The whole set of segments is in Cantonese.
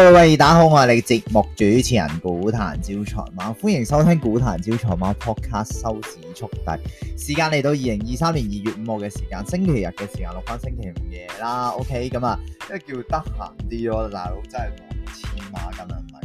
各位大家好，我係你嘅節目主持人股壇招財貓，歡迎收聽股壇招財貓 podcast 收市速遞。時間嚟到二零二三年二月五號嘅時間，星期日嘅時間，落翻星期五夜啦。OK，咁啊，即係叫得閒啲咯，大佬真係忙似馬咁樣。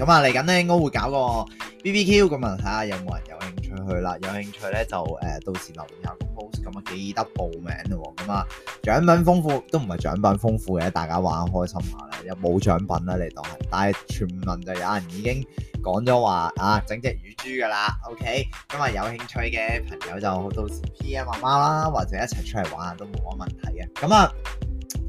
咁啊，嚟緊咧應該會搞個 BBQ，咁啊睇下有冇人有興趣去啦。有興趣咧就誒、呃、到時留意下個 post，咁啊記得報名喎。咁啊獎品豐富都唔係獎品豐富嘅，大家玩開心下、啊、啦，又冇獎品啦、啊，你當係。但係全民就有人已經講咗話啊，整隻乳豬噶啦，OK、啊。咁啊有興趣嘅朋友就好到時 PM 下貓啦，或者一齊出嚟玩下都冇乜問題嘅。咁啊～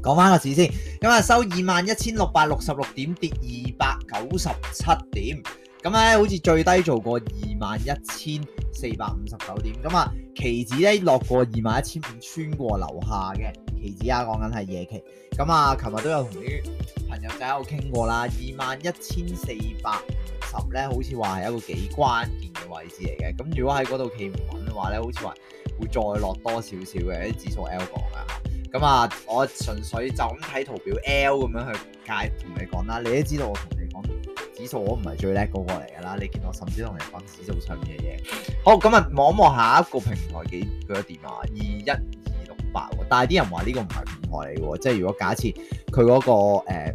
講翻個市先，咁啊收二萬一千六百六十六點，跌二百九十七點，咁咧好似最低做過二萬一千四百五十九點，咁啊期指咧落過二萬一千五，穿過樓下嘅期指啊，講緊係夜期，咁啊琴日都有同啲朋友仔喺度傾過啦，二萬一千四百五十咧，好似話係一個幾關鍵嘅位置嚟嘅，咁如果喺嗰度企唔穩嘅話咧，好似話會再落多少少嘅，啲指數 L 講噶。咁啊，我純粹就咁睇圖表 L 咁樣去解同你講啦。你都知道我同你講指數，我唔係最叻嗰個嚟噶啦。你見我甚至同你講指數上面嘅嘢。好，咁啊，望一望下一個平台幾多點啊，二一二六八，但係啲人話呢個唔係平台嚟嘅喎，即係如果假設佢嗰、嗰個誒、呃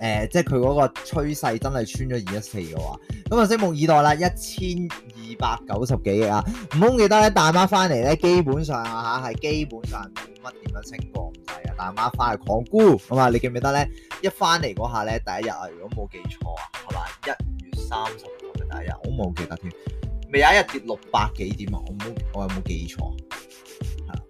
呃、即係佢嗰個趨勢真係穿咗二一四嘅話，咁啊，拭目以待啦，一千。二百九十幾億啊！唔好記得咧，大媽翻嚟咧，基本上啊嚇係基本上冇乜點樣升過，唔使啊！大媽翻嚟狂沽，咁啊你記唔記得咧？一翻嚟嗰下咧，第一日啊，如果冇記錯啊，係嘛一月三十號嘅第一日，我冇記得添，未有一日跌六百幾點啊！我冇我有冇記錯？係啊，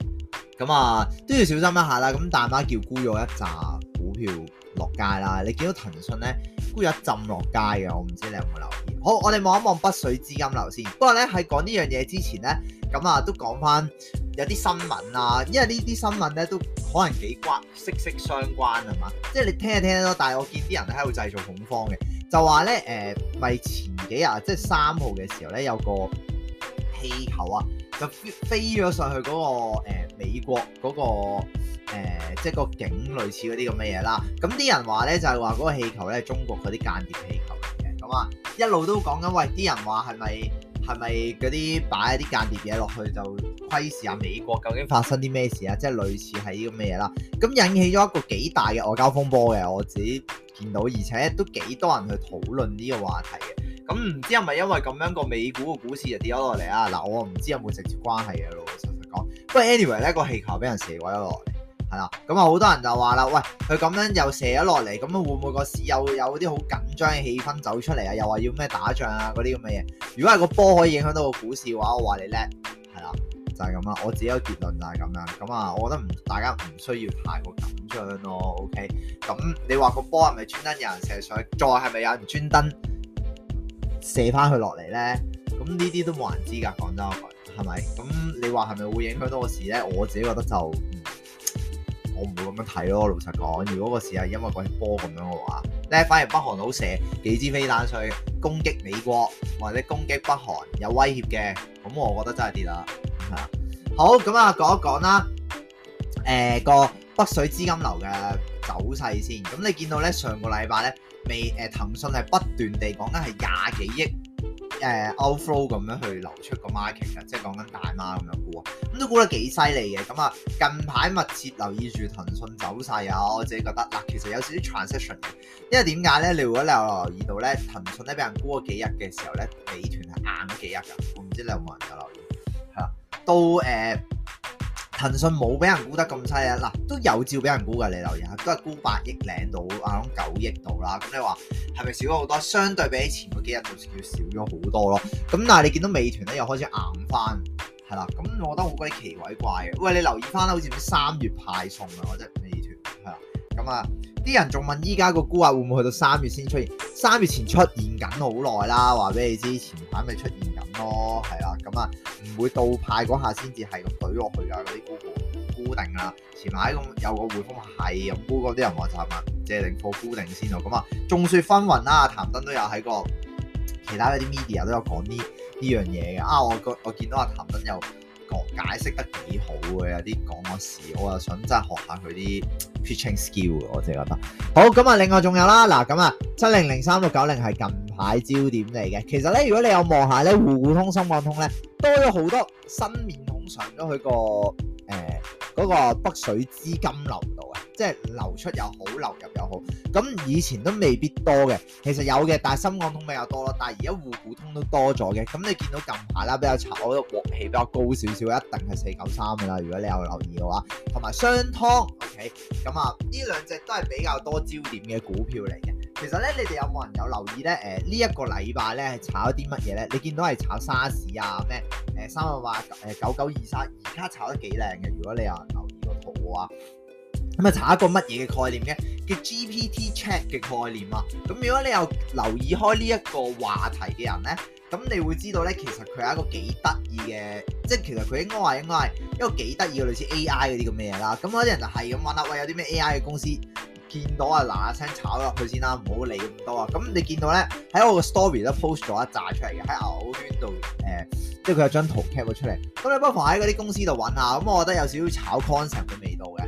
咁啊都要小心一下啦。咁大媽叫沽咗一扎股票落街啦，你見到騰訊咧？沽有浸落街嘅，我唔知你有冇留意。好，我哋望一望北水資金流先。不過咧，喺講呢樣嘢之前咧，咁啊都講翻有啲新聞啦、啊。因為聞呢啲新聞咧都可能幾關息息相關係嘛？即係你聽一聽囉，但係我見啲人喺度製造恐慌嘅，就話咧誒，咪、呃、前幾日即係三號嘅時候咧，有個氣球啊，就飛咗上去嗰、那個、呃、美國嗰、那個。誒、呃，即係個景類似嗰啲咁嘅嘢啦。咁、啊、啲人話咧，就係話嗰個氣球咧，中國嗰啲間諜氣球嚟嘅。咁啊，一路都講緊喂，啲人話係咪係咪嗰啲擺一啲間諜嘢落去，就窺視下美國究竟發生啲咩事啊？即係類似係呢咁嘅嘢啦。咁、啊啊、引起咗一個幾大嘅外交風波嘅，我自己見到，而且都幾多人去討論呢個話題嘅。咁、啊、唔知係咪因為咁樣個美股嘅股市就跌咗落嚟啊？嗱，我唔知有冇直接關係嘅，老老實實講。不過 anyway 咧，個氣球俾人射鬼咗落嚟。係啦，咁啊，好多人就話啦，喂，佢咁樣又射咗落嚟，咁會唔會個市又有啲好緊張嘅氣氛走出嚟啊？又話要咩打仗啊嗰啲咁嘅嘢？如果係個波可以影響到個股市嘅話，我話你叻，係啦，就係咁啦。我自己個結論就係咁樣。咁啊，我覺得唔，大家唔需要太過緊張咯。OK，咁你話個波係咪專登有人射上去，再係咪有人專登射翻佢落嚟咧？咁呢啲都冇人知噶，講真，係咪？咁你話係咪會影響到個市咧？我自己覺得就。嗯我唔會咁樣睇咯，老實講。如果個事係因為嗰啲波咁樣嘅話，咧，反而北韓佬射幾支飛彈上去攻擊美國或者攻擊北韓有威脅嘅，咁我覺得真係跌啦。嚇、嗯，好，咁啊，講一講啦。誒、呃、那個北水資金流嘅走勢先。咁你見到咧，上個禮拜咧，未誒、呃、騰訊係不斷地講緊係廿幾億。誒、呃、outflow 咁樣去流出個 market 嘅，即係講緊大媽咁樣沽啊，咁都沽得幾犀利嘅。咁、嗯、啊，近排密切留意住騰訊走勢啊，我自己覺得嗱、呃，其實有少少 transition 嘅，因為點解咧？你如果你有留意到咧，騰訊咧俾人沽咗幾日嘅時候咧，美團係硬幾日㗎，唔知你有冇人有留意嚇？到誒、啊。騰訊冇俾人估得咁犀利，嗱都有照俾人估噶，你留意下都係估八億零到啊，九億度啦。咁你話係咪少咗好多？相對比起前嗰幾日，就叫少咗好多咯。咁但係你見到美團咧又開始硬翻，係啦。咁我覺得好鬼奇鬼怪嘅。喂，你留意翻啦，好似三月派送啊，或者美團。係啦。咁啊。啲人仲問依家個估價會唔會去到三月先出現？三月前出現緊好耐啦，話俾你知前排咪出現緊咯，係啦，咁啊唔會倒派嗰下先至係咁舉落去啊，嗰啲估估定啦，前排咁有個回覆話係咁估嗰啲人話就問借定貨估定先咯，咁啊眾說紛紜啦，譚燈都有喺個其他嗰啲 media 都有講呢呢樣嘢嘅，啊我我見到阿、啊、譚燈又……解釋得幾好嘅，有啲講我事，我又想真係學下佢啲 teaching skill 我真係覺得。好咁啊，另外仲有啦，嗱咁啊，七零零三六九零係近排焦點嚟嘅。其實咧，如果你有望下咧，滬股通、深港通咧，多咗好多新面孔上咗佢個誒嗰個北水資金流。即係流出又好，流入又好，咁以前都未必多嘅，其實有嘅，但係深港通比較多咯。但係而家滬股通都多咗嘅，咁你見到近排啦，比較炒得鑊氣比較高少少，一定係四九三噶啦。如果你有留意嘅話，同埋商湯，OK，咁啊，呢兩隻都係比較多焦點嘅股票嚟嘅。其實咧，你哋有冇人有留意咧？誒、呃，呢、這、一個禮拜咧，係炒一啲乜嘢咧？你見到係炒沙士啊，咩？誒、呃，三日話誒九九二三，而家炒得幾靚嘅。如果你有人留意個圖嘅話。咁啊、嗯，查一個乜嘢嘅概念嘅？叫 GPT Chat 嘅概念啊！咁、嗯、如果你有留意開呢一個話題嘅人咧，咁你會知道咧，其實佢係一個幾得意嘅，即係其實佢應該話應該係一個幾得意嘅類似 AI 啲咁嘅嘢啦。咁嗰啲人就係咁揾啦，喂，有啲咩 AI 嘅公司見到啊，嗱嗱聲炒落去先啦，唔好理咁多啊！咁、嗯、你見到咧喺我個 story 都 post 咗一紮出嚟嘅，喺朋友圈度誒，即係佢有張圖片出嚟。咁、嗯、你不妨喺嗰啲公司度揾下，咁、嗯、我覺得有少少炒 concept 嘅味道嘅。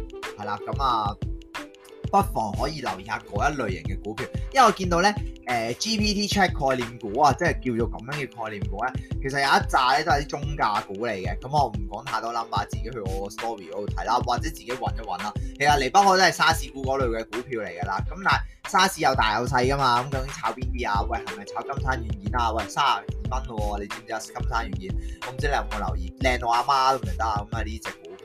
啦，咁啊、嗯，不妨可以留意下嗰一類型嘅股票，因為我見到咧，誒、呃、GPT Check 概念股啊，即係叫做咁樣嘅概念股咧，其實有一扎咧都係啲中價股嚟嘅。咁、嗯、我唔講太多 number，自己去我 story 嗰度睇啦，或者自己搵一搵啦，其實離不開都係沙士股嗰類嘅股票嚟噶啦。咁但係沙士有大有細噶嘛，咁、嗯、究竟炒邊啲啊？喂，係咪炒金山軟件啊？喂，三啊二蚊喎，你知唔知啊？金山軟件，我、嗯、唔知你有冇留意，靚到阿媽都唔得啊，咁啊呢隻股。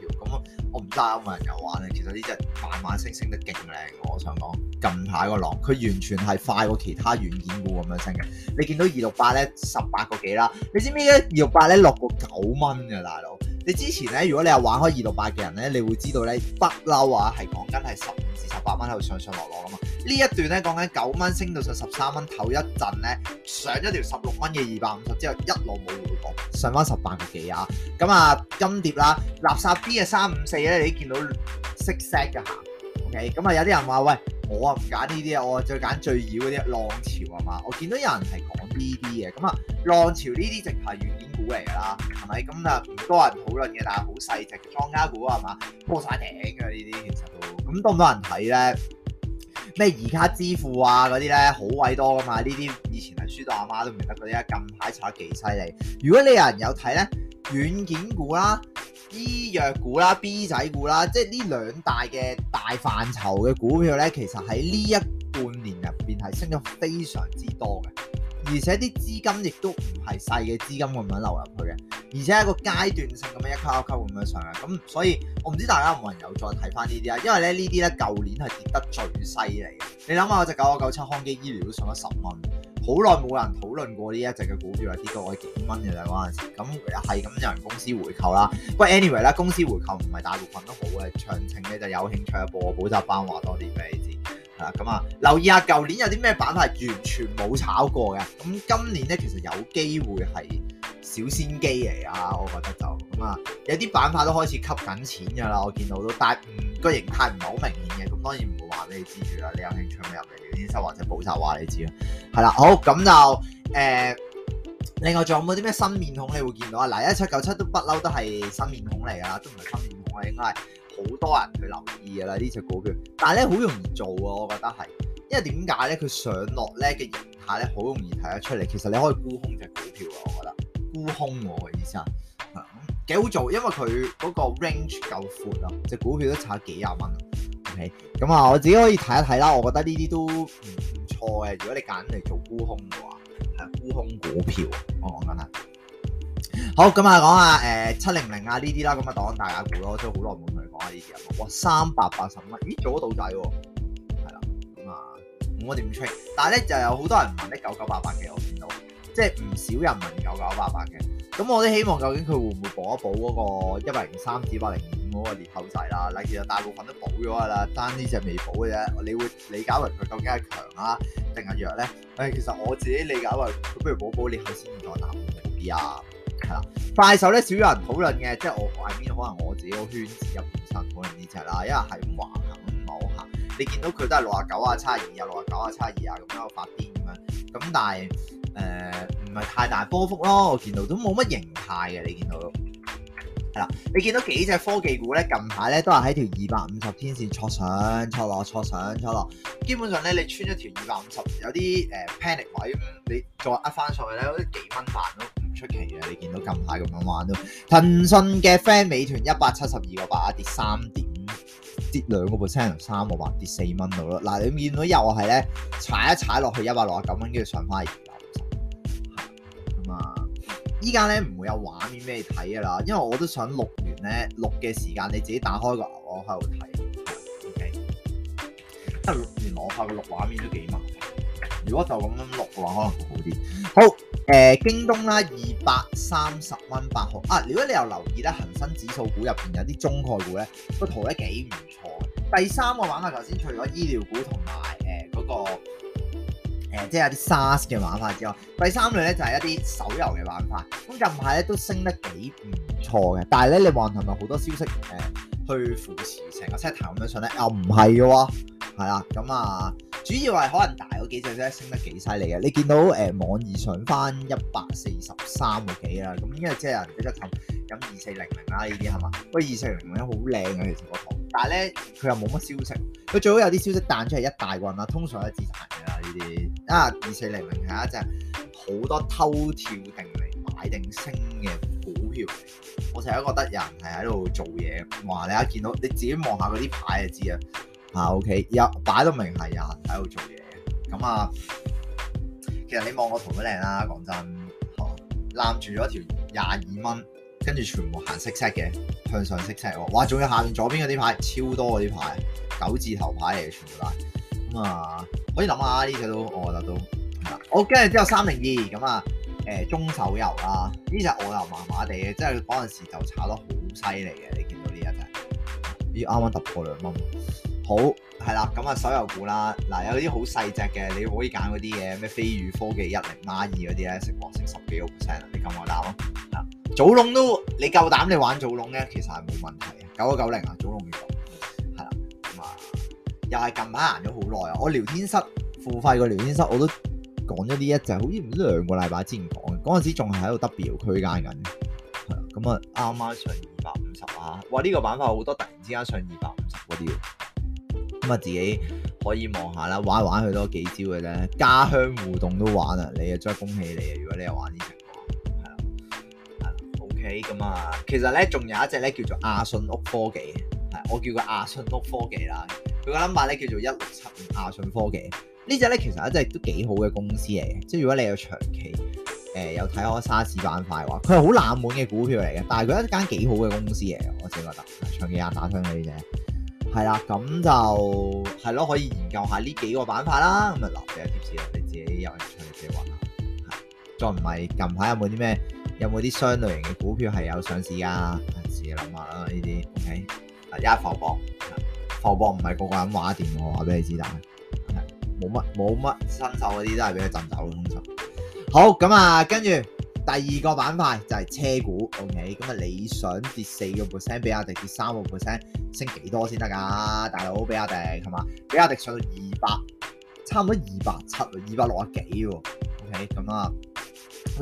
我唔知有冇人有玩啊！其實呢隻慢慢升升得勁靚嘅，我想講近排個浪佢完全係快過其他軟件股咁樣升嘅。你見到二六八咧，十八個幾啦？你知唔知咧？二六八咧六個九蚊嘅大佬。你之前咧，如果你有玩開二六八嘅人咧，你會知道咧不嬲啊，係講緊係十五至十八蚊喺度上上落落啊嘛。呢一段咧講緊九蚊升到上十三蚊，頭一陣咧上一條十六蚊嘅二百五十之後，一路冇回報，上翻十八個幾啊！咁啊金碟啦，垃圾 B 嘅三五四咧，你都見到識 set 嘅行，OK？咁啊有啲人話喂，我啊唔揀呢啲啊，我啊再揀最妖嗰啲浪潮啊嘛，我見到有人係講呢啲嘢，咁啊浪潮呢啲淨係軟件股嚟㗎啦，係咪？咁啊唔多人討論嘅，但係好細隻莊家股啊嘛，拖晒艇嘅呢啲其實都，咁多唔多人睇咧？咩而家支付啊嗰啲咧好鬼多噶嘛？呢啲以前係輸到阿媽，媽都唔得嗰啲啊！近排炒得幾犀利。如果你有人有睇咧，軟件股啦、醫藥股啦、B 仔股啦，即係呢兩大嘅大範疇嘅股票咧，其實喺呢一半年入邊係升咗非常之多嘅。而且啲資金亦都唔係細嘅資金咁樣流入去嘅，而且係一個階段性咁樣一級一級咁樣上嘅，咁所以我唔知大家有冇人有再睇翻呢啲啊？因為咧呢啲咧舊年係跌得最犀利嘅。你諗下，我隻九九九七康基醫療都上咗十蚊，好耐冇人討論過呢一隻嘅股票係跌到幾蚊嘅啦嗰陣時。咁又係咁有人公司回購啦。不過 anyway 啦，公司回購唔係大部分都好嘅，詳情你就有興趣嘅話補習班話多啲俾。咁啊、嗯，留意下舊年有啲咩板塊完全冇炒過嘅？咁今年咧其實有機會係小先機嚟啊，我覺得就咁啊，有啲板塊都開始吸緊錢噶啦，我見到都，但係個、嗯、形態唔係好明顯嘅，咁當然唔會話俾你知住啦，你有興趣咪入嚟研究或者補習話你知咯，係啦，好咁就誒、呃，另外仲有冇啲咩新面孔你會見到啊？嗱，一七九七都不嬲都係新面孔嚟噶，都唔係新面孔嚟應該。好多人去留意㗎喇呢隻股票，但係咧好容易做啊！我覺得係，因為點解咧？佢上落咧嘅形態咧，好容易睇得出嚟。其實你可以沽空隻股票啊！我覺得沽空我嘅意思啊，幾、嗯、好做，因為佢嗰個 range 夠闊啊，隻股票都差幾廿蚊。OK，咁、嗯、啊，我自己可以睇一睇啦。我覺得呢啲都唔錯嘅。如果你揀嚟做沽空嘅話，係沽空股票，我諗。好咁啊，講下誒七零零啊呢啲啦，咁啊當大家估咯，即係好耐冇同你講下呢啲啊。哇，三百八十蚊，咦做咗倒底喎，係啦咁啊，嗯、我點 check？但係咧就有好多人問啲九九八八嘅，我見到即係唔少人問九九八八嘅，咁、嗯、我都希望究竟佢會唔會補一補嗰個一百零三至百零五嗰個裂口仔啦。嗱，其實大部分都補咗噶啦，單呢隻隻未補嘅啫。你會理解為佢究竟係強啊定係弱咧？誒，其實我自己理解為佢不如補補裂口先，再打半股啲啊。係啦，快手咧少有人討論嘅，即係我外面可能我自己個圈子入邊本身討論呢隻啦，因為係咁橫行冇，唔你見到佢都係六啊九啊差二啊，六啊九啊差二啊咁樣發癲咁樣，咁但係誒唔係太大波幅咯，我見到都冇乜形態嘅，你見到咯，係啦，你見到幾隻科技股咧近排咧都係喺條二百五十天線挫上挫落挫上挫落，基本上咧你穿咗條二百五十有啲誒、呃、panic 位，你再壓翻上去咧都幾蚊飯咯。出奇啊！你見到近排咁樣玩咯，騰訊嘅 friend 美團一百七十二個八，跌三點，跌兩個 percent，三個八跌四蚊到咯。嗱、啊，你見到又係咧踩一踩落去一百六十九蚊，跟住上翻二百六十。咁啊、嗯，依家咧唔會有畫面俾你睇噶啦，因為我都想錄完咧錄嘅時間，你自己打開個牛角喺度睇。o、okay? 因為錄完講下個錄畫面都幾麻如果就咁樣錄嘅話，可能好啲。好，誒、呃，京東啦，二百三十蚊八毫。啊，如果你又留意咧恒生指數股入邊有啲中概股咧，都淘得幾唔錯。第三個玩法，頭先除咗醫療股同埋誒嗰個誒、呃，即係啲 SaaS 嘅玩法之外，第三類咧就係、是、一啲手遊嘅玩法。咁近排咧都升得幾唔錯嘅，但係咧你話係咪好多消息誒、呃、去扶持成個 system 咁樣上咧？又唔係嘅喎，係啦，咁啊。主要係可能大嗰幾隻升得幾犀利嘅。你見到誒、呃、網易上翻一百四十三個幾啦，咁因為即係人比較沉，咁二四零零啦，呢啲係嘛？喂，二四零零好靚啊，其實個盤，但係咧佢又冇乜消息，佢最好有啲消息彈出嚟，一大棍啦。通常都自彈㗎啦，呢啲，因二四零零係一隻好多偷跳定嚟買定升嘅股票。我成日都覺得有人係喺度做嘢，哇！你一見到你自己望下嗰啲牌就知啊。啊 OK，有擺到明係有人喺度做嘢咁啊，其實你望我圖都靚啦，講真、啊，攬住咗條廿二蚊，跟住全部行色 set 嘅，向上色 set 喎，哇！仲要下邊左邊嗰啲牌超多啊，啲牌，九字頭牌嚟嘅全部，咁啊，可以諗下呢隻都，我覺得都，我跟住之後三零二，咁啊，誒、啊呃、中手遊啦、啊，呢隻我又麻麻地嘅，即係嗰陣時就炒得好犀利嘅，你見到呢一隻，啱啱突破兩蚊。好係啦，咁啊手遊股啦，嗱有啲好細隻嘅，你可以揀嗰啲嘅，咩飛魚科技一零孖二嗰啲咧，食過色，十幾個 percent，你夠膽咯？嗱、啊，祖龍都你夠膽你玩祖龍咧，其實係冇問題。九九零啊，祖龍五十係啦，咁啊又係近排行咗好耐啊，我聊天室付費個聊天室我都講咗呢一隻好似唔知兩個禮拜之前講嘅，嗰陣時仲係喺度 W 區間緊，係啊，咁啊啱啱上二百五十啊，哇呢、呢個板塊好多突然之間上二百五十嗰啲。自己可以望下啦，玩玩佢多幾招嘅啫。家鄉互動都玩啊，你啊真係恭喜你啊！如果你又玩呢、這、隻、個，係啦，係啦，OK。咁啊，其實咧仲有一隻咧叫做亞信屋科技係我叫佢亞信屋科技啦。佢個 number 咧叫做一六七，亞信科技隻呢隻咧其實一隻都幾好嘅公司嚟嘅，即係如果你有長期誒、呃、有睇開沙士板塊話，佢係好冷門嘅股票嚟嘅，但係佢一間幾好嘅公司嚟，我自己覺得長期也打親你嘅。係啦，咁就係咯，可以研究下呢幾個板塊啦。咁啊，嗱，俾一啲貼士，料你自己入去睇計劃啦。再唔係，近排有冇啲咩？有冇啲相類型嘅股票係有上市噶？自己諗下啦，呢啲。O K，啊，一浮博，浮博唔係個個咁話掂，我話俾你知，但係冇乜冇乜新手嗰啲都係俾佢震走嘅通常。好，咁啊，跟住。第二個板塊就係車股，O K，咁啊，okay? 你想跌四個 percent 比亞迪跌三個 percent，升幾多先得噶？大佬比亞迪係嘛？比亞迪,迪上到二百，差唔多二百七，二百六啊幾喎？O K，咁啊，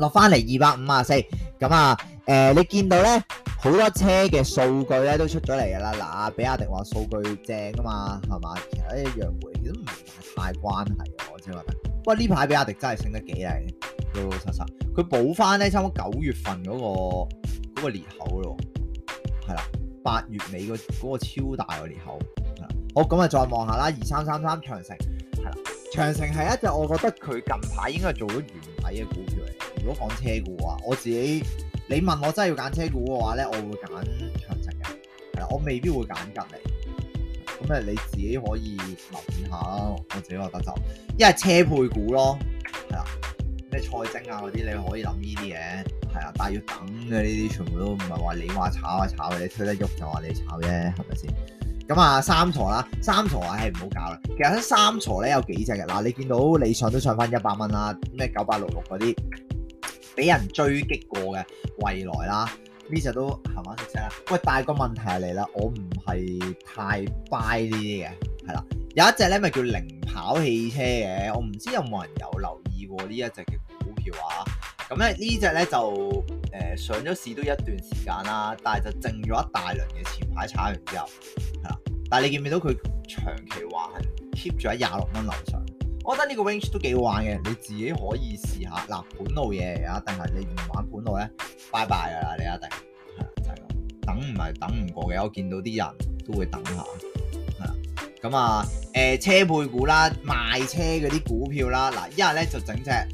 落翻嚟二百五啊四，咁啊，誒，你見到咧好多車嘅數據咧都出咗嚟噶啦，嗱，比亞迪話數據正㗎嘛，係嘛？其實一樣會都唔係太關係，我先覺得。不過呢排比亞迪真係升得幾啊！老老實實，佢補翻咧，差唔多九月份嗰個嗰個裂口咯，係啦，八月尾個嗰個超大個裂口，係啦。好，咁啊，再望下啦，二三三三長城，係啦，長城係一隻我覺得佢近排應該做咗原理嘅股票嚟。如果講車股嘅話，我自己你問我真係要揀車股嘅話咧，我會揀長城嘅，係啦，我未必會揀吉利。咁啊，你自己可以留意下，我自己覺得就，一係車配股咯，係啦。咩賽晶啊嗰啲你可以諗呢啲嘢，係啊，但係要等嘅呢啲全部都唔係話你話炒啊炒，你推得喐就話你炒啫，係咪先？咁啊，三鋭啦，三鋭係唔好搞啦。其實喺三鋭咧有幾隻嘅，嗱你見到理想都上翻一百蚊啦，咩九八六六嗰啲，俾人追擊過嘅蔚來啦，呢隻都係咪先啦？喂，但係個問題係嚟啦，我唔係太 buy 呢啲嘅。係啦，有一隻咧咪叫零跑汽車嘅，我唔知有冇人有留意過呢一隻嘅股票啊？咁咧呢隻咧就誒、呃、上咗市都一段時間啦、啊，但係就剩咗一大輪嘅前排炒完之後，係啦。但係你見唔見到佢長期話係 keep 住喺廿六蚊樓上？我覺得呢個 range 都幾好玩嘅，你自己可以試下。嗱，盤路嘢啊，定係你唔玩盤路咧拜拜㗎啦，你一定係就係咁，等唔係等唔過嘅。我見到啲人都會等下。咁啊，誒、呃、車配股啦，賣車嗰啲股票啦，嗱一係咧就整隻誒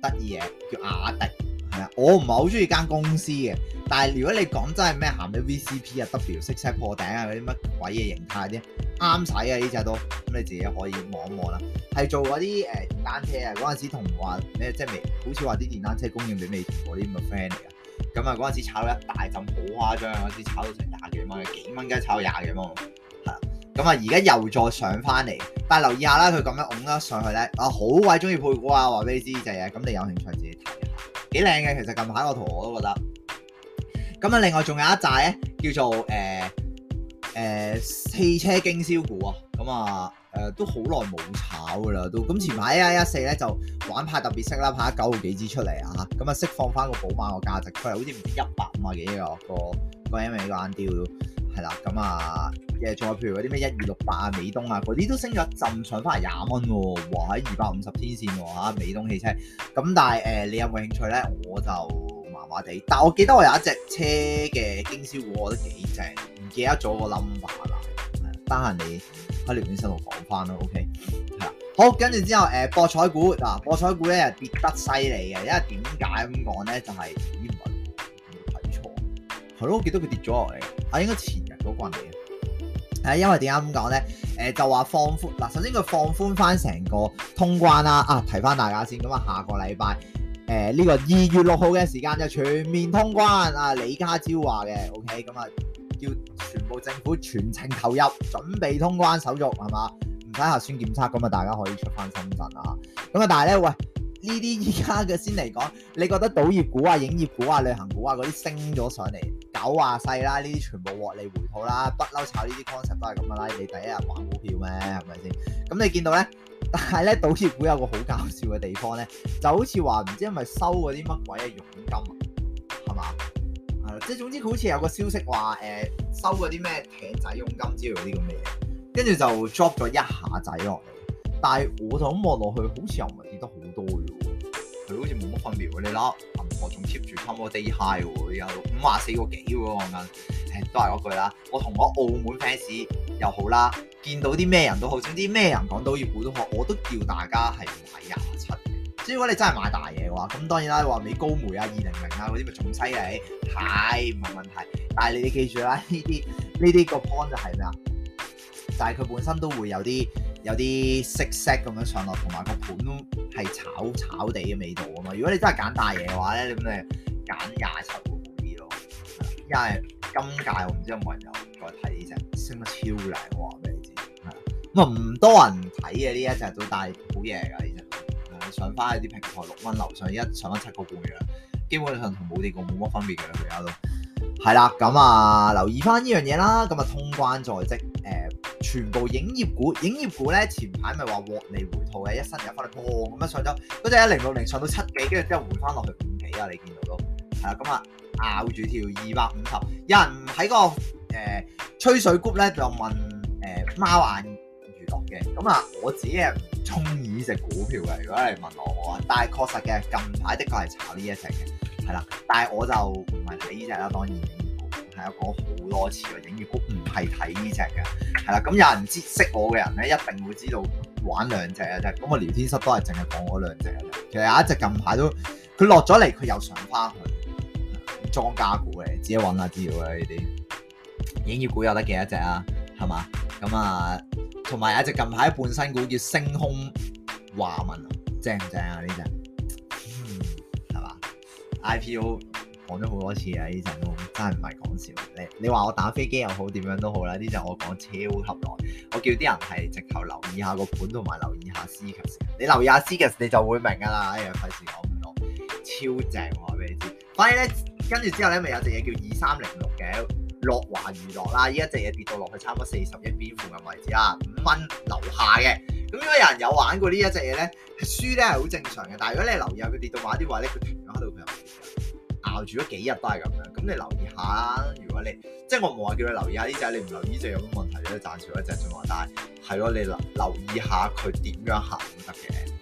得意嘢，叫雅迪，係啊，我唔係好中意間公司嘅，但係如果你講真係咩行到 VCP 啊、CP, W 色息破頂啊嗰啲乜鬼嘢形態啲，啱使啊呢隻都，咁你自己可以望一望啦，係做嗰啲誒電單車啊嗰陣時同話咩，即係未好似話啲電單車供應俾未做嗰啲咁嘅 friend 嚟噶，咁啊嗰陣時炒咗一大陣好誇張，嗰陣時炒到成廿幾蚊，幾蚊雞炒廿幾蚊。咁啊，而家又再上翻嚟，但係留意下啦，佢咁樣拱一上去咧，啊好鬼中意配股啊！話俾你知就係咁，你有興趣自己睇下，幾靚嘅其實近排個圖我都覺得。咁啊，另外仲有一紮咧，叫做誒誒、呃呃、汽車經銷股啊，咁啊誒、呃、都好耐冇炒噶啦都。咁前排一一四咧就玩派特別識啦，派九個幾支出嚟啊，咁啊釋放翻個寶馬個價值，佢係好似唔知一百五啊幾嘅個個 MBA 個眼吊係啦，咁啊。誒仲譬如嗰啲咩一二六八啊、美東啊嗰啲都升咗浸上翻嚟廿蚊喎，喺二百五十天線喎、啊、美東汽車。咁但係誒、呃，你有冇興趣咧？我就麻麻地。但係我記得我有一隻車嘅經銷股，我覺得幾正，唔記得咗個 number 啦。得閒你喺聊天室度講翻啦，OK？係啊，好，跟住之後誒博彩股嗱，博彩股咧跌得犀利嘅，因為點解咁講咧？就係咦，唔係睇錯，係咯？我記得佢跌咗落嚟，係應該前日嗰個人嚟。因為點解咁講咧？誒、呃、就話放寬嗱，首先佢放寬翻成個通關啦，啊提翻大家先。咁、嗯、啊，下個禮拜誒呢個二月六號嘅時間就全面通關啊。李家超話嘅，OK，咁、嗯、啊叫全部政府全程投入準備通關手續係嘛？唔使核酸檢測，咁啊大家可以出翻深圳啦。咁、嗯、啊，但係咧，喂。呢啲依家嘅先嚟講，你覺得賭業股啊、影業股啊、旅行股啊嗰啲升咗上嚟九啊勢啦？呢啲全部獲利回吐啦，不嬲 炒呢啲 concept 都係咁啦。你第一日玩股票咩？係咪先咁？你見到咧，但係咧賭業股有個好搞笑嘅地方咧，就好似話唔知係咪收嗰啲乜鬼嘅佣金啊，係嘛？誒，即係總之好似有個消息話誒、呃、收嗰啲咩艇仔佣金之類嗰啲咁嘅嘢，跟住就 drop 咗一下仔落嚟。但係我咁望落去好，好似又唔係跌得好多。分秒你攞銀河仲 keep 住 combo day high 喎，有五十四個幾喎，我認誒、嗯、都係嗰句啦。我同我澳門 fans 又好啦，見到啲咩人都好，甚至咩人講到要股都好，我都叫大家係買廿七嘅。所以如果你真係買大嘢嘅話，咁當然啦，你話美高梅啊、二零零啊嗰啲咪仲犀利，係冇、哎、問題。但係你哋記住啦，呢啲呢啲個 point 就係咩啊？但係佢本身都會有啲有啲色色咁樣上落，同埋個盤都係炒炒地嘅味道啊嘛。如果你真係揀大嘢嘅話咧，你咁你揀廿七會好啲咯。因為今屆我唔知有冇人有再睇呢隻升得超靚喎，俾你知。咁啊唔多人睇嘅呢一隻都帶好嘢㗎，其實你上翻去啲平台六蚊樓上一上翻七個半嘅樣，基本上同冇跌過冇乜分別㗎啦，大家都係啦。咁啊留意翻呢樣嘢啦，咁啊通關在即。全部影業股，影業股咧前排咪話獲利回吐嘅，一升一翻嚟破咁樣上咗，嗰隻一零六零上到七幾，跟住之後回翻落去五幾啊，你見到都係啦，咁、嗯、啊咬住條二百五十，有人喺、那個誒、呃、吹水谷 r 咧就問誒貓、呃、眼娛樂嘅，咁、嗯、啊、嗯嗯、我自己係唔中意食股票嘅，如果你問我我，但係確實嘅近排的確係炒呢一隻嘅，係、嗯、啦，但係我就唔係睇呢隻啦當然。我講好多次嘅，影業股唔係睇呢隻嘅，係啦。咁有人知識我嘅人咧，一定會知道玩兩隻啊啫。咁我聊天室都係淨係講嗰兩隻啊。其實有一隻近排都，佢落咗嚟，佢又上翻去。莊、嗯、家股嚟，自己搵下資料啊。呢啲影業股有得幾多隻啊？係嘛？咁啊，同埋有，有一隻近排半新股叫星空華文，正唔正啊？呢隻係嘛？IPO。講咗好多次啊！呢陣真係唔係講笑，你你話我打飛機又好，點樣都好啦。呢陣我講超級耐，我叫啲人係直頭留意下個盤同埋留意下思及市。你留意下思及市，你就會明噶啦。哎呀，費事講咁多，超正喎！話俾你知。反而咧，跟住之後咧，咪有隻嘢叫二三零六嘅樂華娛樂啦。依一隻嘢跌到落去差唔多四十一邊附近位置啊，五蚊留下嘅。咁有人有玩過呢一隻嘢咧？輸咧係好正常嘅。但係如果你留意下佢跌到玩啲話咧，佢停咗喺度，佢又咬住咗幾日都係咁樣，咁你留意下。如果你即係我冇話叫你留意下呢隻，你唔留意就有咁問題咧，賺少一隻啫嘛。但係係咯，你留留意下佢點樣行先得嘅。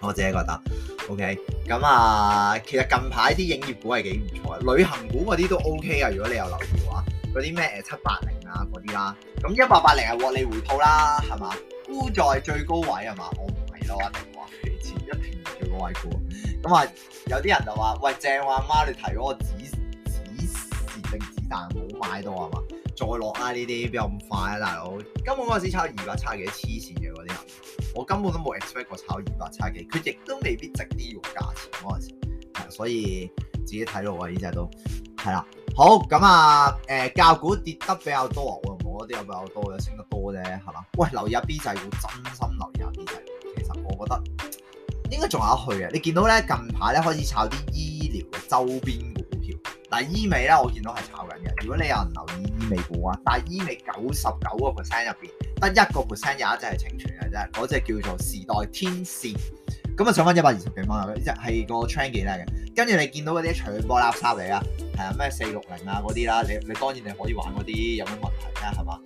我自己覺得，OK。咁啊，其實近排啲影業股係幾唔錯啊，旅行股嗰啲都 OK 啊。如果你有留意嘅話，嗰啲咩誒七八零啊嗰啲啦，咁一八八零係獲利回吐啦，係嘛？估在最高位係嘛？我唔係咯，我哋話前一段。咁啊有啲人就喂，話喂，正話阿媽你提咗個指指示，定子彈冇買到係嘛？再落啦呢啲，邊有咁快啊大佬。根本嗰陣時炒二百七十幾黐線嘅嗰啲人，我根本都冇 expect 過炒二百七十幾，佢亦都未必值啲個價錢嗰陣時，所以自己睇到啊，呢隻都係啦。好咁啊，誒、呃、教股跌得比較多，我冇嗰啲有比較多嘅升得多啫，係嘛？喂，留意下 B 仔，要真心留意下 B 仔。其實我覺得。應該仲有去嘅，你見到咧近排咧開始炒啲醫療嘅周邊股票，嗱醫美咧我見到係炒緊嘅。如果你有人留意醫美股啊，但係醫美九十九個 percent 入邊得一個 percent 有一隻係倉存嘅啫，嗰隻叫做時代天線，咁啊上翻一百二十幾蚊嘅，即係個 trend 幾大嚟嘅。跟住你見到嗰啲全部垃圾嚟啊，係啊咩四六零啊嗰啲啦，你你你當然你可以玩嗰啲有咩問題啊，係嘛？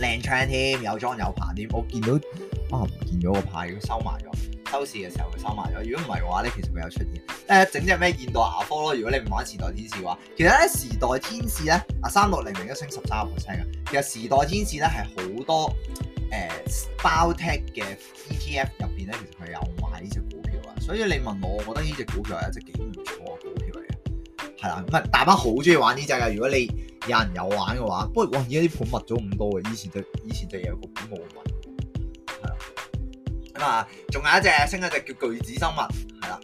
靚 trend 添，有裝有排添，我見到啊唔見咗個牌，收埋咗。收市嘅時候佢收埋咗，如果唔係嘅話咧，其實會有出現。誒、呃，整隻咩現代牙科咯。如果你唔玩時代天使嘅話，其實咧時代天使咧啊，三六零零一升十三個 percent 嘅。其實時代天使咧係好多誒包 tech 嘅 ETF 入邊咧，其實佢有買呢隻股票啊。所以你問我，我覺得呢隻股票係一隻幾唔錯嘅股票嚟嘅，係啦，唔係大家好中意玩呢隻嘅。如果你有人有玩嘅話，不過而家啲盤物咗咁多嘅，以前就以前就有個股冇密。啊！仲有一隻升，一隻叫巨子生物，係啦，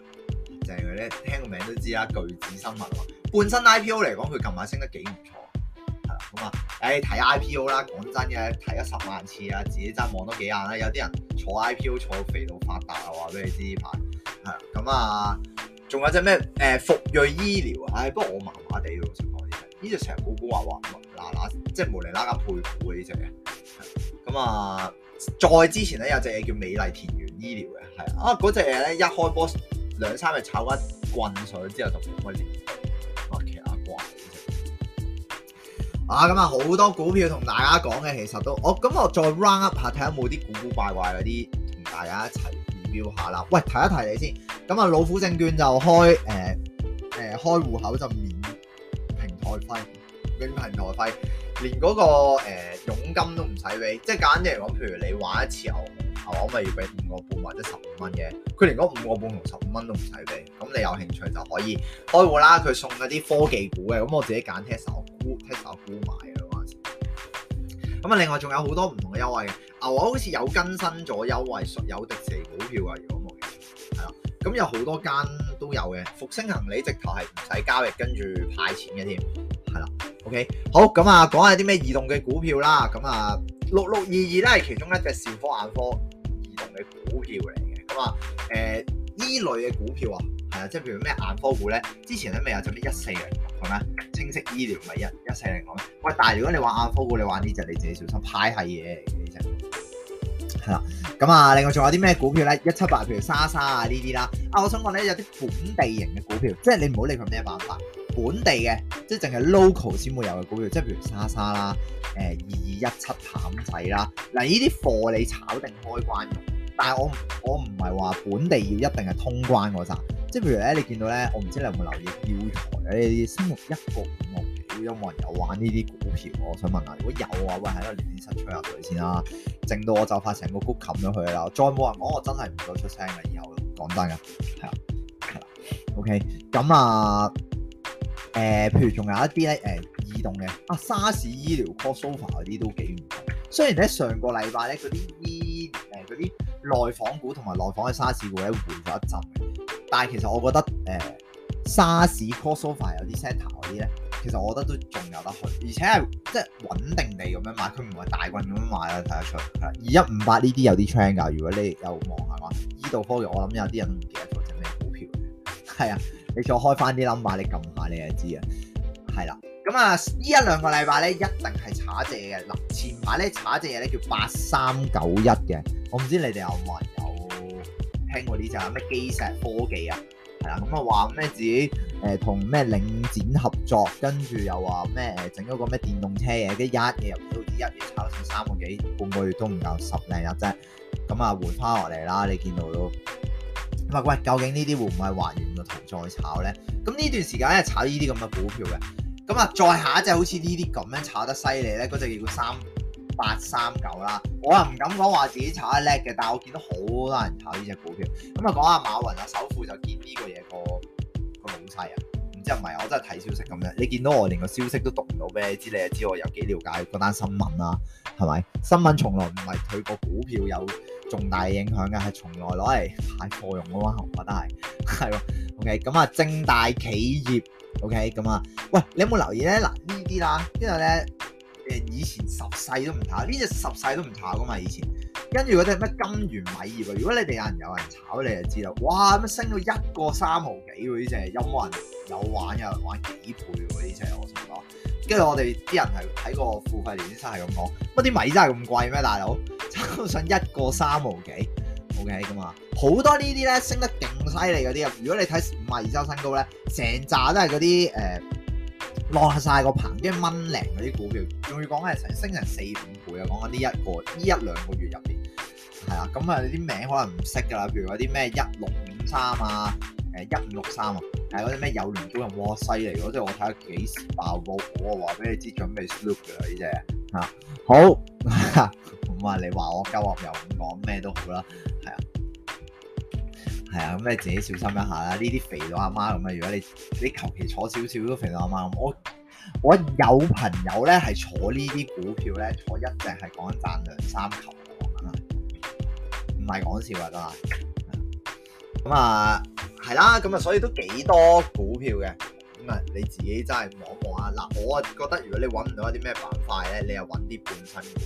就係佢咧，聽個名都知啦，巨子生物啊嘛，半身 IPO 嚟講，佢近排升得幾唔錯，係啦，咁、嗯、啊，誒睇 IPO 啦，講真嘅，睇咗十萬次啊，自己真望都幾硬啦，有啲人坐 IPO 坐到肥到發達啊，話俾你知，呢排，係、嗯、啦，咁啊，仲有隻咩誒復銳醫療啊，誒、哎、不過我麻麻地喎，成個呢隻呢隻成日古古畫畫嗱嗱，即係無釐啦咁配股嘅呢隻啊，咁啊。嗯嗯嗯再之前咧有隻嘢，叫美麗田園醫療嘅，係啊，嗰隻嘢咧，一開波兩三日炒一棍水之後就冇乜事，好奇怪我啊！咁啊，好多股票同大家講嘅其實都我咁、哦、我再 round up 下睇下有冇啲古古怪怪嗰啲同大家一齊 review 下啦。喂，提一提你先，咁啊，老虎證券就開誒誒、呃呃、開戶口就免平台費。免平台費，連嗰、那個誒、呃、佣金都唔使俾。即係簡單啲嚟講，譬如你玩一次牛牛，我咪要俾五個半或者十五蚊嘅。佢連嗰五個半同十五蚊都唔使俾。咁你有興趣就可以開戶啦。佢送嗰啲科技股嘅，咁我自己揀 Tesla、股 Tesla、股買嘅話。咁啊，另外仲有好多唔同嘅優惠嘅。牛我好似有更新咗優惠，有迪士尼股票啊，如果冇係啦。咁有好多間都有嘅。復星恆利直頭係唔使交易，跟住派錢嘅添。係啦，OK，好，咁啊，講、嗯、下啲咩移動嘅股票啦，咁啊六六二二咧係其中一隻兆科眼科移動嘅股票嚟嘅。咁啊誒呢類嘅股票啊係啊，即係譬如咩眼科股咧，之前咧咪有做啲一四零，係、就、咪、是，清晰醫療咪一一四零，喂，但係如果你玩眼科股，你玩呢隻你自己小心，派係嘢嚟嘅呢隻，係啦，咁、嗯、啊、嗯嗯，另外仲有啲咩股票咧？一七八，譬如莎莎啊呢啲啦，啊，我想講咧有啲本地型嘅股票，即係你唔好理佢咩辦法。本地嘅，即係淨係 local 先會有嘅股票，即係譬如莎莎啦，誒二二一七淡仔啦。嗱、呃，呢啲貨你炒定開關用，但係我我唔係話本地要一定係通關嗰扎，即係譬如咧，你見到咧，我唔知你會唔會留意吊台呢、啊、啲，先入一個股，有冇人有玩呢啲股票？我想問下，如果有啊，喂，喺度亂七吹下水先啦，淨到我就發成個谷冚咗佢啦，再冇人講，我真係唔夠出聲以後講真嘅，係、okay，啊，係啦，OK，咁啊。誒、呃，譬如仲有一啲咧，誒、呃，移動嘅啊，沙士醫療 crossover 嗰啲都幾唔錯。雖然咧，上個禮拜咧嗰啲醫誒啲內房股同埋內房嘅沙士股咧回咗一陣嘅，但係其實我覺得誒、呃、沙士 crossover 有啲 settle 嗰啲咧，其實我覺得都仲有得去，而且係即係穩定地咁樣買，佢唔係大軍咁樣買啦，睇得出。二一五八呢啲有啲 change 噶，如果你有望下話醫道科技，我諗有啲人都唔記得做整咩股票嘅，係啊。你再開翻啲 number，你撳下你就知啊，係啦。咁啊，呢一兩個禮拜咧，一定係炒隻嘢嘅。嗱，前排咧炒一隻嘢咧叫八三九一嘅，我唔知你哋有冇人有聽過呢隻啊？咩機石科技啊，係啦。咁啊話咩自己誒同咩領展合作，跟住又話咩整咗個咩電動車嘢，跟一嘢入去，一嘢炒到先三個幾半個月都唔夠十零日啫。咁啊回翻落嚟啦，你見到都。咁啊，喂，究竟呢啲會唔會還原個頭再炒咧？咁呢段時間咧，炒呢啲咁嘅股票嘅。咁啊，再下一隻好似呢啲咁樣炒得犀利咧，嗰隻叫三八三九啦。我啊唔敢講話自己炒得叻嘅，但係我見到好多人炒呢隻股票。咁啊，講下馬雲啊首富就見呢個嘢個個老細啊，唔知係唔係，我真係睇消息咁樣。你見到我連個消息都讀唔到咩？知你就知我有幾了解嗰單新聞啦，係咪？新聞從來唔係佢個股票有。重大影響嘅係從來攞嚟派貨用嘅嘛，我覺得係係喎。OK，咁、嗯、啊，正大企業 OK，咁、嗯、啊，喂，你有冇留意咧？嗱呢啲啦，因為咧誒以前十世都唔炒，呢隻十世都唔炒嘅嘛以前。跟住嗰啲咩金源米業，如果你哋有人有人炒你，你就知道，哇，咁升到一個三毫幾喎，呢隻有冇人有玩？有人玩幾倍喎，呢隻我成講。跟住我哋啲人係睇個付費連資差係咁講，乜啲米真係咁貴咩？大佬差唔多上一個三毫幾，OK 咁啊，好多呢啲咧升得勁犀利嗰啲啊！如果你睇五十二週新高咧，成扎都係嗰啲誒落曬個棚，跟住蚊零嗰啲股票，仲要講係成升成四五倍啊！講緊呢一個呢一兩個月入邊，係啊，咁啊你啲名可能唔識㗎啦，譬如話啲咩一六五三啊，誒一五六三啊。係嗰啲咩有年都用冇西嚟。利嘅，即係我睇下幾時爆煲，我話俾你知準備出 look 嘅啦呢隻吓好咁唔 你話我交惡又唔講咩都好啦，係啊係啊，咁你、啊嗯、自己小心一下啦。呢啲肥佬阿媽咁啊，如果你你求其坐少少都肥佬阿媽咁，我我有朋友咧係坐呢啲股票咧，坐一隻係講緊賺兩三球，唔係講笑啊，咁啊。係啦，咁啊，所以都幾多股票嘅咁啊。你自己真係望一望啊。嗱，我覺得如果你揾唔到一啲咩板塊咧，你又揾啲半新股。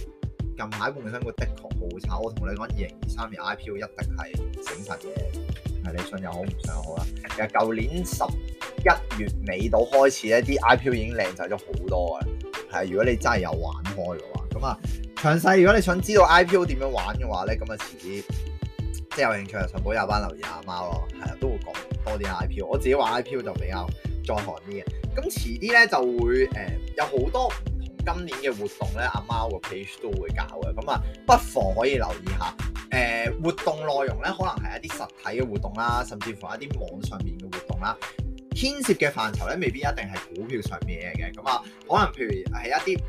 近排半新股的，的確好差。我同你講，二零二三年 IPO 一定係整實嘅，係你信又好，唔信又好啦。其實舊年十一月尾到開始咧，啲 IPO 已經靚曬咗好多㗎。係，如果你真係有玩開嘅話，咁啊，詳細如果你想知道 IPO 點樣玩嘅話咧，咁啊，遲啲即係有興趣啊，上早下班留意阿貓咯。係啊，都。多啲 IPO，我自己話 IPO 就比較在行啲嘅。咁遲啲咧就會誒、呃、有好多唔同今年嘅活動咧，阿貓個 page 都會搞嘅。咁啊，不妨可，可以留意下。誒、呃、活動內容咧，可能係一啲實體嘅活動啦，甚至乎一啲網上面嘅活動啦。牽涉嘅範疇咧，未必一定係股票上面嘅。嘅咁啊，可能譬如係一啲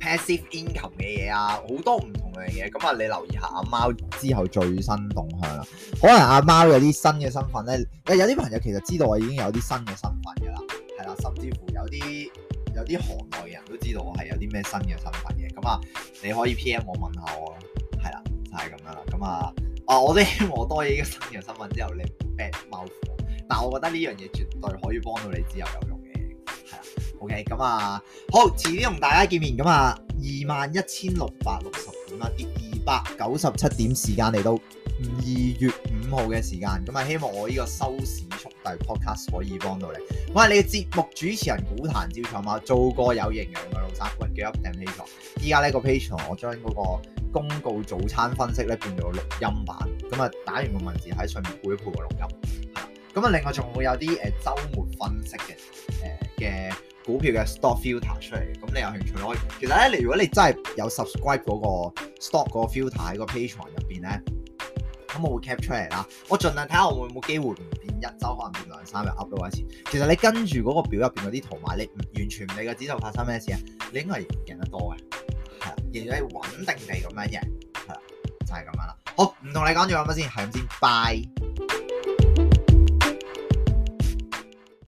passive income 嘅嘢啊，好多唔。嘅咁啊！你留意下阿、啊、貓之後最新動向啦。可能阿、啊、貓有啲新嘅身份咧，有啲朋友其實知道我已經有啲新嘅身份嘅啦，係啦，甚至乎有啲有啲行內嘅人都知道我係有啲咩新嘅身份嘅。咁啊，你可以 PM 我問下我咯，係啦，就係、是、咁樣啦。咁啊，啊，我都希望我多嘢嘅新嘅身份之後你唔 bad 貓。但係我覺得呢樣嘢絕對可以幫到你之後有用嘅，係啦。OK，咁啊，好遲啲同大家見面。咁啊，二萬一千六百六十，跌二百九十七點，時間嚟到二月五號嘅時間，咁啊，希望我呢個收市速遞 podcast 可以幫到你。我係你嘅節目主持人股壇招財貓，做過有營養嘅老生，one job a 依家呢個 Patreon，我將嗰個公告早餐分析咧變咗錄音版，咁啊打完個文字喺上面配一配個錄音。咁啊，另外仲會有啲誒週末分析嘅誒嘅。呃股票嘅 stock filter 出嚟，咁你有興趣可以。其實咧，你如果你真係有 subscribe 嗰個 stock 嗰個 filter 喺個 page 入邊咧，咁我會 cap 出嚟啦。我盡量睇下我會唔會機會唔變一周可能變兩三日 up 多一次。其實你跟住嗰個表入邊嗰啲圖嘛，你完全唔理，嗰個指數發生咩事啊？你應該贏得多嘅，係啊，贏得穩定地咁樣嘅，係啊，就係、係、咁樣啦。好，唔同你講住講乜先，係咁先，拜。Bye。